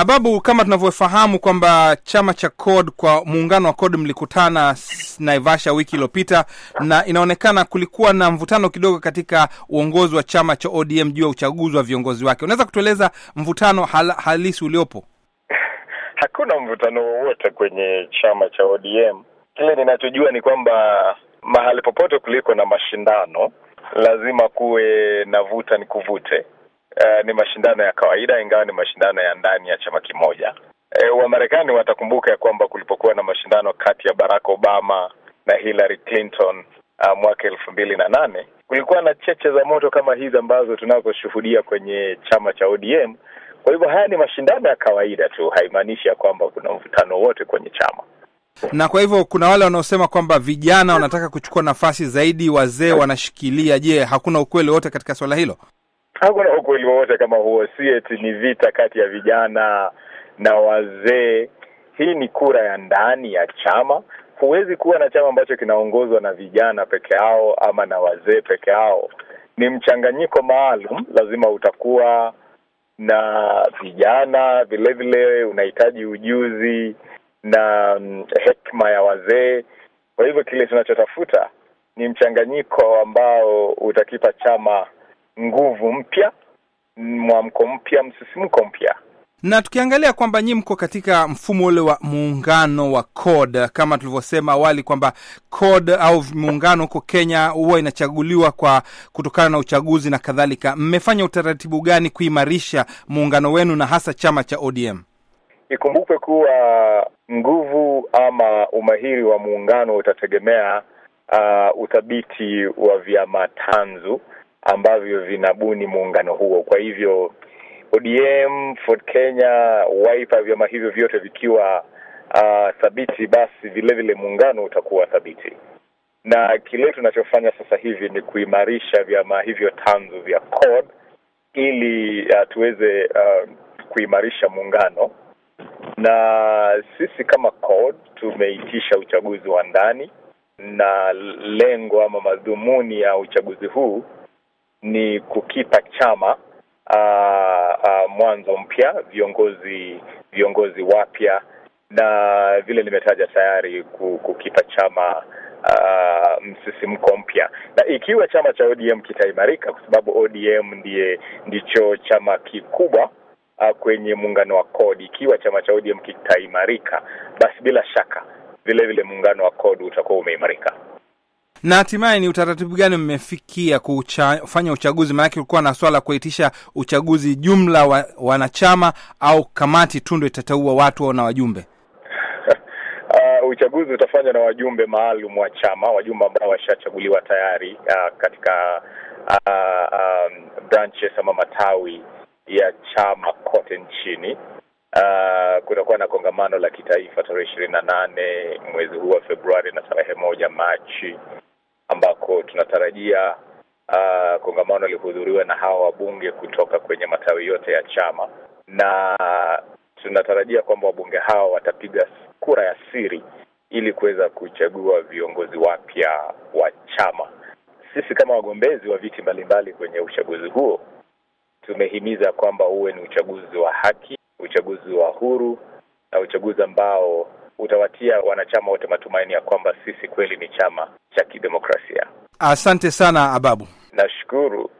Ababu, kama tunavyofahamu kwamba chama cha CORD kwa muungano wa CORD mlikutana Naivasha wiki iliyopita, na inaonekana kulikuwa na mvutano kidogo katika uongozi wa chama cha ODM juu ya uchaguzi wa viongozi wake. Unaweza kutueleza mvutano hal halisi uliopo? Hakuna mvutano wowote kwenye chama cha ODM. Kile ninachojua ni kwamba mahali popote kuliko na mashindano lazima kuwe na vuta ni kuvute uh, ni mashindano ya kawaida, ingawa ni mashindano ya ndani ya chama kimoja. E, Wamarekani watakumbuka ya kwamba kulipokuwa na mashindano kati ya Barack Obama na Hillary Clinton uh, mwaka elfu mbili na nane kulikuwa na cheche za moto kama hizi ambazo tunazoshuhudia kwenye chama cha ODM. Kwa hivyo haya ni mashindano ya kawaida tu, haimaanishi ya kwamba kuna mvutano wote kwenye chama. Na kwa hivyo kuna wale wanaosema kwamba vijana wanataka kuchukua nafasi zaidi, wazee wanashikilia. Je, hakuna ukweli wote katika swala hilo? hakuna ukweli wowote kama huo, si eti ni vita kati ya vijana na wazee. Hii ni kura ya ndani ya chama. Huwezi kuwa na chama ambacho kinaongozwa na vijana peke yao ama na wazee peke yao. Ni mchanganyiko maalum, lazima utakuwa na vijana vilevile unahitaji ujuzi na mm, hekima ya wazee. Kwa hivyo kile tunachotafuta ni mchanganyiko ambao utakipa chama nguvu mpya, mwamko mpya, msisimko mpya na tukiangalia kwamba nyi mko katika mfumo ule wa muungano wa CORD kama tulivyosema awali kwamba CORD au muungano huko Kenya huwa inachaguliwa kwa kutokana na uchaguzi na kadhalika, mmefanya utaratibu gani kuimarisha muungano wenu na hasa chama cha ODM? Ikumbukwe kuwa nguvu ama umahiri wa muungano utategemea uh, uthabiti wa vyama tanzu ambavyo vinabuni muungano huo. Kwa hivyo ODM, Ford Kenya, Wiper, vyama hivyo vyote vikiwa uh, thabiti, basi vilevile muungano utakuwa thabiti, na kile tunachofanya sasa hivi ni kuimarisha vyama hivyo tanzu vya CORD ili uh, tuweze uh, kuimarisha muungano na sisi kama CORD tumeitisha uchaguzi wa ndani, na lengo ama madhumuni ya uchaguzi huu ni kukipa chama aa, ah, aa, ah, mwanzo mpya, viongozi viongozi wapya, na vile nimetaja tayari kukipa chama Uh, msisimko mpya na ikiwa chama cha ODM kitaimarika, kwa sababu ODM ndiye ndicho chama kikubwa uh, kwenye muungano wa kodi Ikiwa chama cha ODM kitaimarika, basi bila shaka vile vile muungano wa kodi utakuwa umeimarika. Na hatimaye ni utaratibu gani mmefikia kufanya uchaguzi? Maanake ulikuwa na swala kuitisha uchaguzi jumla wa wanachama au kamati tu ndo itateua watu au na wajumbe? Uh, uchaguzi utafanywa na wajumbe maalum wa chama, wajumbe ambao washachaguliwa tayari uh, katika uh, um, branches ama matawi ya chama kote nchini. Uh, kutakuwa na kongamano la kitaifa tarehe ishirini na nane mwezi huu wa Februari na tarehe moja Machi ambako tunatarajia uh, kongamano lihudhuriwe na hawa wabunge kutoka kwenye matawi yote ya chama na tunatarajia kwamba wabunge hawa watapiga kura ya siri ili kuweza kuchagua viongozi wapya wa chama. Sisi kama wagombezi wa viti mbalimbali kwenye uchaguzi huo tumehimiza kwamba huwe ni uchaguzi wa haki, uchaguzi wa huru na uchaguzi ambao utawatia wanachama wote matumaini ya kwamba sisi kweli ni chama cha kidemokrasia. Asante sana Ababu, nashukuru.